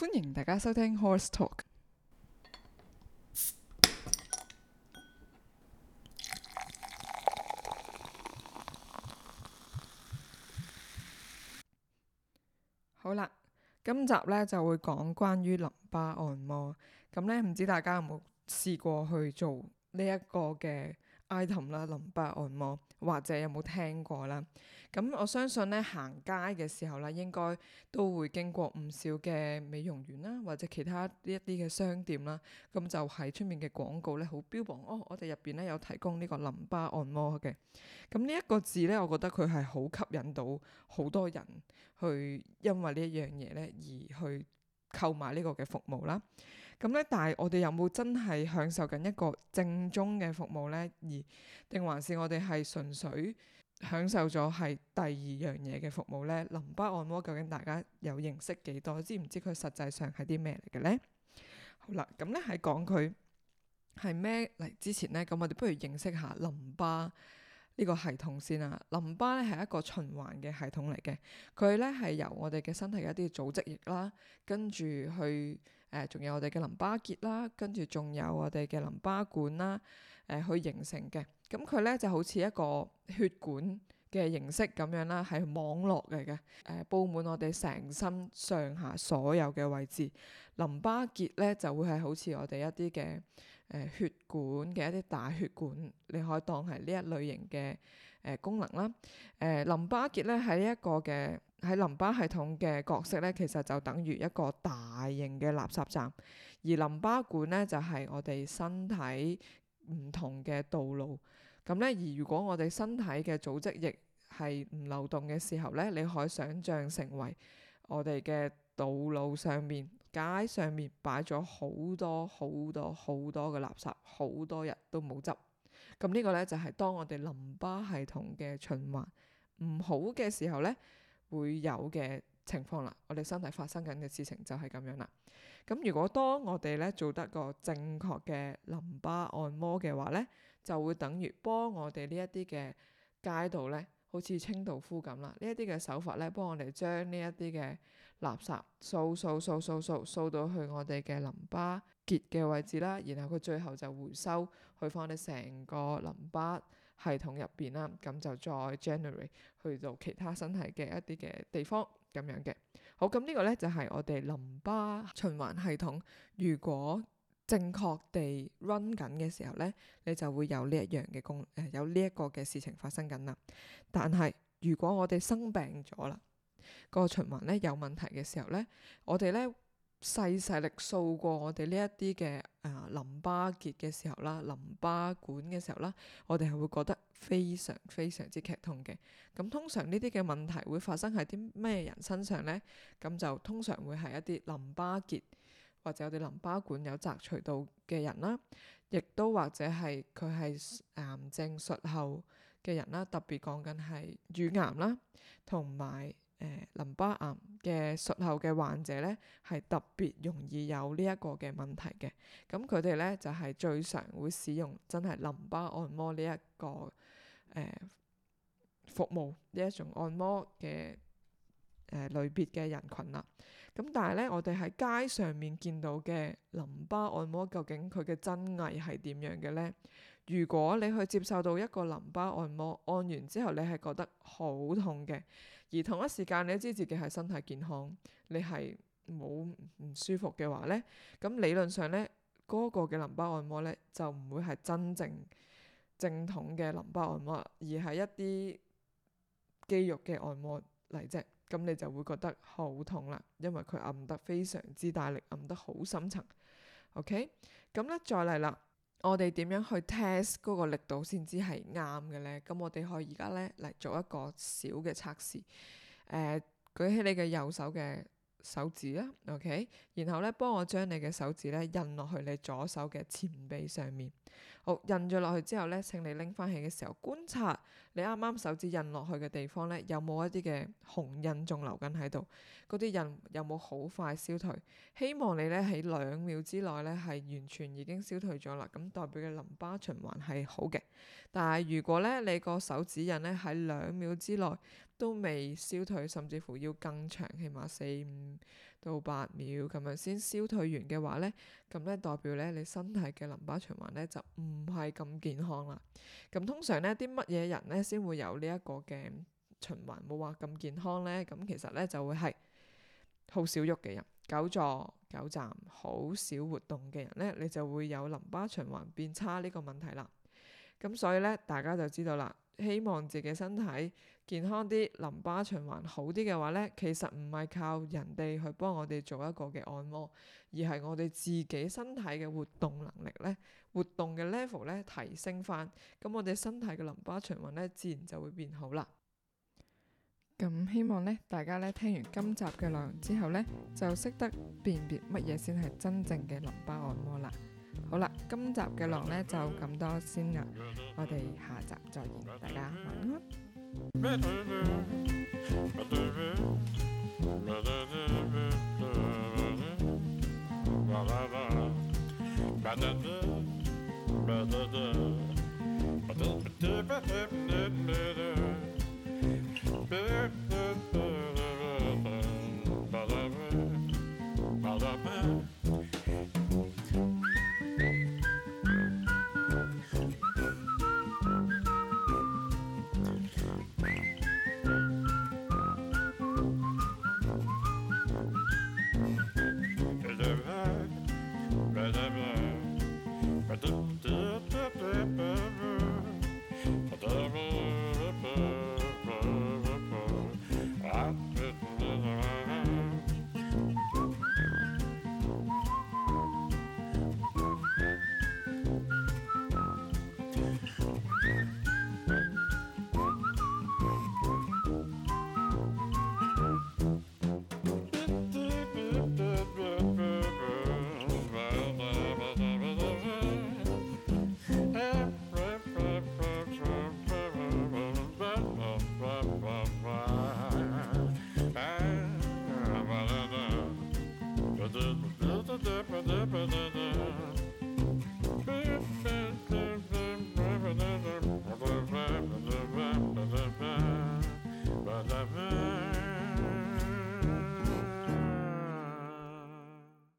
歡迎大家收聽 Horis Talk。 好啦，今集呢就會講關於淋巴按摩。咁呢，唔知大家有冇試過去做呢一個嘅 item 啦，淋巴按摩。或者有冇聽過啦？咁我相信咧，行街嘅時候咧，應該都會經過唔少嘅美容院啦，或者其他呢一啲嘅商店啦。咁就喺出面嘅廣告咧，好標榜哦，我哋入邊咧有提供呢個淋巴按摩嘅。咁呢一個字咧，我覺得佢係好吸引到好多人去，因為呢一樣嘢咧而去購買呢個嘅服務啦。咁咧，但係我哋有冇真係享受緊一個正宗嘅服務咧？而定還是我哋係純粹享受咗係第二樣嘢嘅服務咧？淋巴按摩究竟大家有認識幾多？知唔知佢實際上係啲咩嚟嘅咧？好啦，咁咧喺講佢係咩嚟之前咧，咁我哋不如認識下淋巴呢個系統先啊。淋巴咧係一個循環嘅系統嚟嘅，佢咧係由我哋嘅身體嘅一啲組織液啦，跟住去。誒，仲有我哋嘅淋巴結啦，跟住仲有我哋嘅淋巴管啦，誒、呃，去形成嘅。咁佢咧就好似一個血管嘅形式咁樣啦，係網絡嚟嘅。誒、呃，佈滿我哋成身上下所有嘅位置。淋巴結咧就會係好似我哋一啲嘅誒血管嘅一啲大血管，你可以當係呢一類型嘅誒、呃、功能啦。誒、呃，淋巴結咧係呢一個嘅。喺淋巴系統嘅角色呢，其實就等於一個大型嘅垃圾站，而淋巴管呢，就係我哋身體唔同嘅道路。咁呢，而如果我哋身體嘅組織液係唔流動嘅時候呢，你可以想象成為我哋嘅道路上面街上面擺咗好多好多好多嘅垃圾，好多日都冇執。咁呢個呢，就係當我哋淋巴系統嘅循環唔好嘅時候呢。會有嘅情況啦，我哋身體發生緊嘅事情就係咁樣啦。咁如果當我哋呢做得個正確嘅淋巴按摩嘅話呢，就會等於幫我哋呢一啲嘅街道呢，好似清道夫咁啦。呢一啲嘅手法呢，幫我哋將呢一啲嘅垃圾掃掃掃掃掃掃到去我哋嘅淋巴結嘅位置啦，然後佢最後就回收去，放啲成個淋巴。系統入邊啦，咁就再 generate 去到其他身體嘅一啲嘅地方咁樣嘅。好，咁呢個咧就係、是、我哋淋巴循環系統，如果正確地 run 緊嘅時候咧，你就會有呢一樣嘅功，誒、呃、有呢一個嘅事情發生緊啦。但係如果我哋生病咗啦，個循環咧有問題嘅時候咧，我哋咧。細細力掃過我哋呢一啲嘅誒淋巴結嘅時候啦，淋巴管嘅時候啦，我哋係會覺得非常非常之劇痛嘅。咁通常呢啲嘅問題會發生喺啲咩人身上呢？咁就通常會係一啲淋巴結或者我哋淋巴管有摘除到嘅人啦，亦都或者係佢係癌症術後嘅人啦，特別講緊係乳癌啦，同埋。誒、呃，淋巴癌嘅術後嘅患者咧，係特別容易有呢一個嘅問題嘅，咁佢哋咧就係、是、最常會使用真係淋巴按摩呢、這、一個誒、呃、服務呢一種按摩嘅誒、呃、類別嘅人群啦。咁、嗯、但係咧，我哋喺街上面見到嘅淋巴按摩，究竟佢嘅真偽係點樣嘅咧？如果你去接受到一個淋巴按摩，按完之後你係覺得好痛嘅，而同一時間你都知自己係身體健康，你係冇唔舒服嘅話呢，咁理論上呢，嗰個嘅淋巴按摩呢，就唔會係真正正統嘅淋巴按摩，而係一啲肌肉嘅按摩嚟啫，咁你就會覺得好痛啦，因為佢按得非常之大力，按得好深層。OK，咁呢再嚟啦。我哋點樣去 test 嗰個力度先至係啱嘅呢？咁我哋可以而家呢嚟做一個小嘅測試。誒、呃，舉起你嘅右手嘅手指啦，OK，然後呢，幫我將你嘅手指呢印落去你左手嘅前臂上面。好，印咗落去之後呢，請你拎翻起嘅時候觀察。你啱啱手指印落去嘅地方呢，有冇一啲嘅紅印仲留緊喺度？嗰啲印有冇好快消退？希望你呢喺兩秒之內呢，係完全已經消退咗啦。咁代表嘅淋巴循環係好嘅。但係如果呢，你個手指印呢，喺兩秒之內都未消退，甚至乎要更長，起碼四五到八秒咁樣先消退完嘅話呢，咁呢代表呢，你身體嘅淋巴循環呢，就唔係咁健康啦。咁通常呢啲乜嘢人呢，先會有呢一個嘅循環，冇話咁健康呢。咁其實呢，就會係好少喐嘅人，久坐久站，好少活動嘅人呢，你就會有淋巴循環變差呢個問題啦。咁所以呢，大家就知道啦。希望自己身體健康啲，淋巴循環好啲嘅話呢，其實唔係靠人哋去幫我哋做一個嘅按摩，而係我哋自己身體嘅活動能力呢，活動嘅 level 呢，提升翻，咁我哋身體嘅淋巴循環呢，自然就會變好啦。咁希望呢，大家呢，聽完今集嘅內容之後呢，就識得辨別乜嘢先係真正嘅淋巴按摩啦。好啦，今集嘅狼咧就咁多先啦，我哋下集再見，大家晚安。